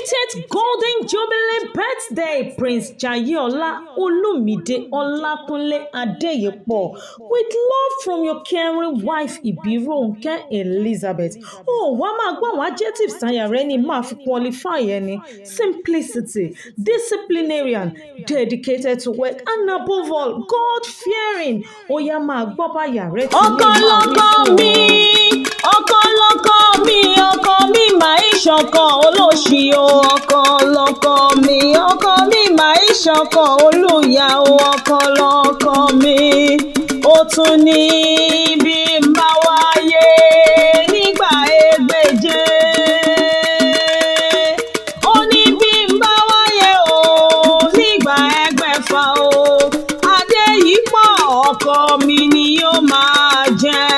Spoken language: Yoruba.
fiftieth golden jubilee birthday prince jayéọlá Olumide ọlákúnlé adéyẹpọ̀ with love from your caring wife ìbíròǹkẹ́ elizabeth Oh, wá máa gbọ́ àwọn adjectives táyà rẹ ni máa fi qualify ẹni simplicity disciplinarian dedicated to work and above all god fearing ó yá máa gbọ́ báyà rẹ ti ní ìmọ̀ àwọn ìṣòro. ọkọ mi. ọkọ olóṣì o ọkọ lọkọ mi ọkọ mi máa ń ṣọkọ olùyà o ọkọ lọkọ mi ó tún ní bí n bá wáyé nígbà ẹgbẹ̀je. ó ní bí o nígbà ẹgbẹ̀fà o